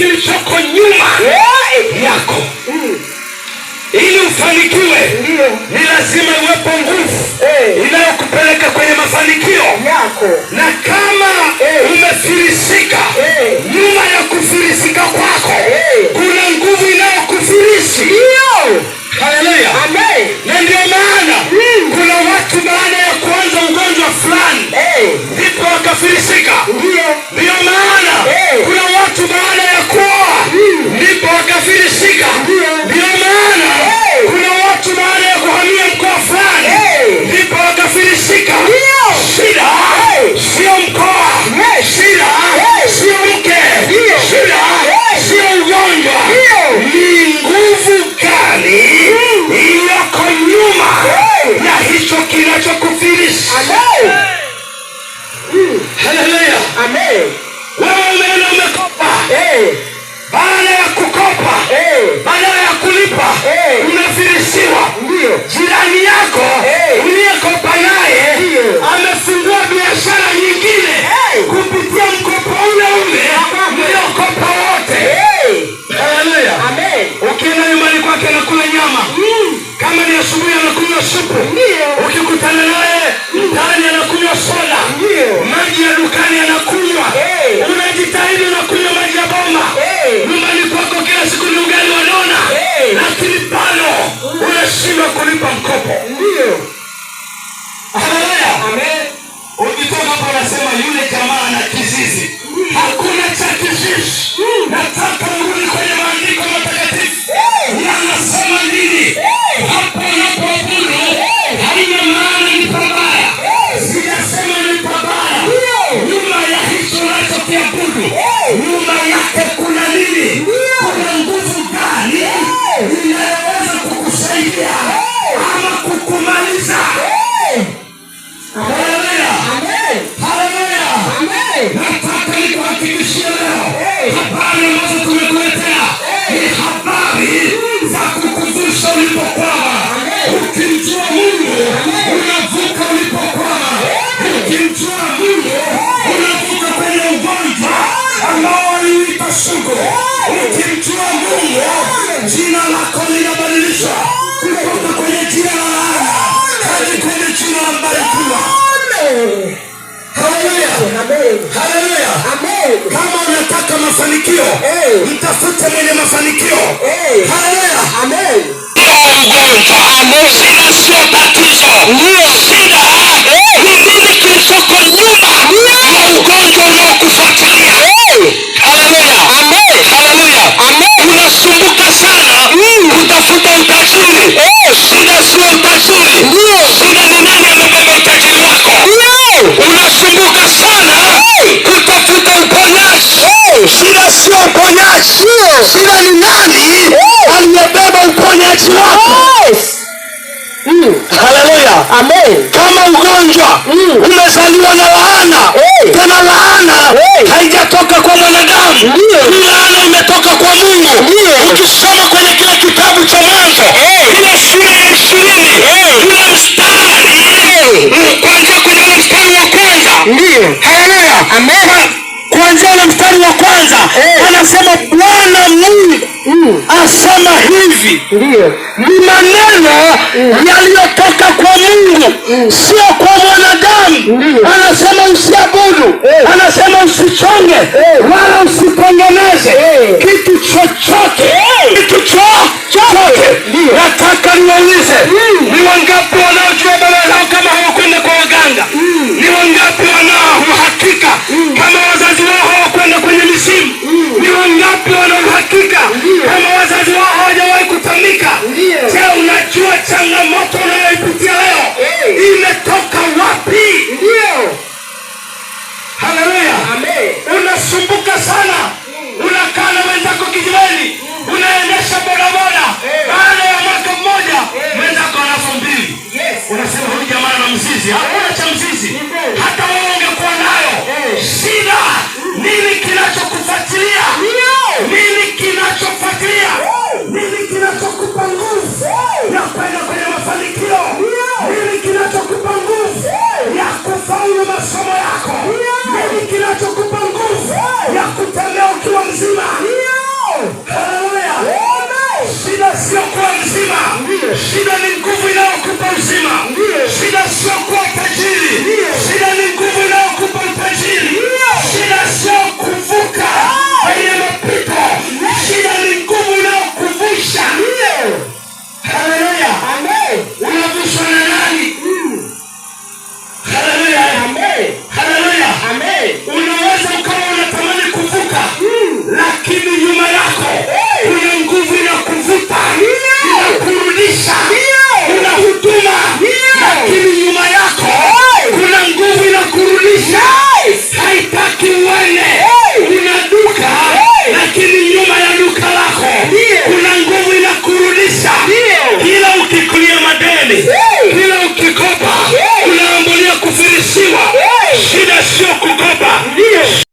kilichoko nyuma yako mm. ili ufanikiwe ni lazima iwepo nguvu eh. inayokupeleka kwenye mafanikio yako, na kama eh. umefirisi Shida sio ugonjwa, ni nguvu gani iliyoko nyuma na hicho kinachokufirisha? Haleluya, umekopa, eh. baada ya kukopa, eh. baada ya kulipa eh. umefirishiwa, jirani yako nyama, kama ni asubuhi anakunywa supu, ukikutana naye ndani anakunywa soda, maji ya dukani anakunywa. Unajitahidi unakunywa maji ya boma nyumbani kwako kila siku ni ugali wa dona, lakini bado unashindwa kulipa mkopo. Ukitoka po unasema yule jamaa ana kizizi. Hakuna cha kizizi. habari za kukuzusha ulipokwama. Ukimjua Mungu unavuka ulipokwama, ukimjua Mungu unavuka kwenye ugonjwa ambao waliuita sugu. Ukimjua Mungu jina lako linabadilishwa kutoka yeyote mwenye mafanikio shida ni nani aliyebeba uponyaji wako? Mm. Haleluya, Kama ugonjwa mm. umezaliwa na laana, tena laana haijatoka kwa mwanadamu, laana imetoka kwa Mungu. wa kwanza hey. Eh. Anasema Bwana Mungu mm. Asema hivi Ni maneno mm. yaliyotoka kwa Mungu mm. sio kwa mwanadamu mm. Anasema usiabudu hey. Eh. Anasema usichonge hey. Eh. wala usitengeneze hey. kitu chochote hey. kitu chochote nataka niwaulize mm. Shida ni nguvu inayokupa uzima. Shida sio kuwa tajiri. Shida ni nguvu inayokupa utajiri. Shida sio kuvuka kwenye mapito. Shida ni nguvu inayokuvusha. Haleluya, amen. Unavushwa na nani? Haleluya, amen. Haleluya, amen.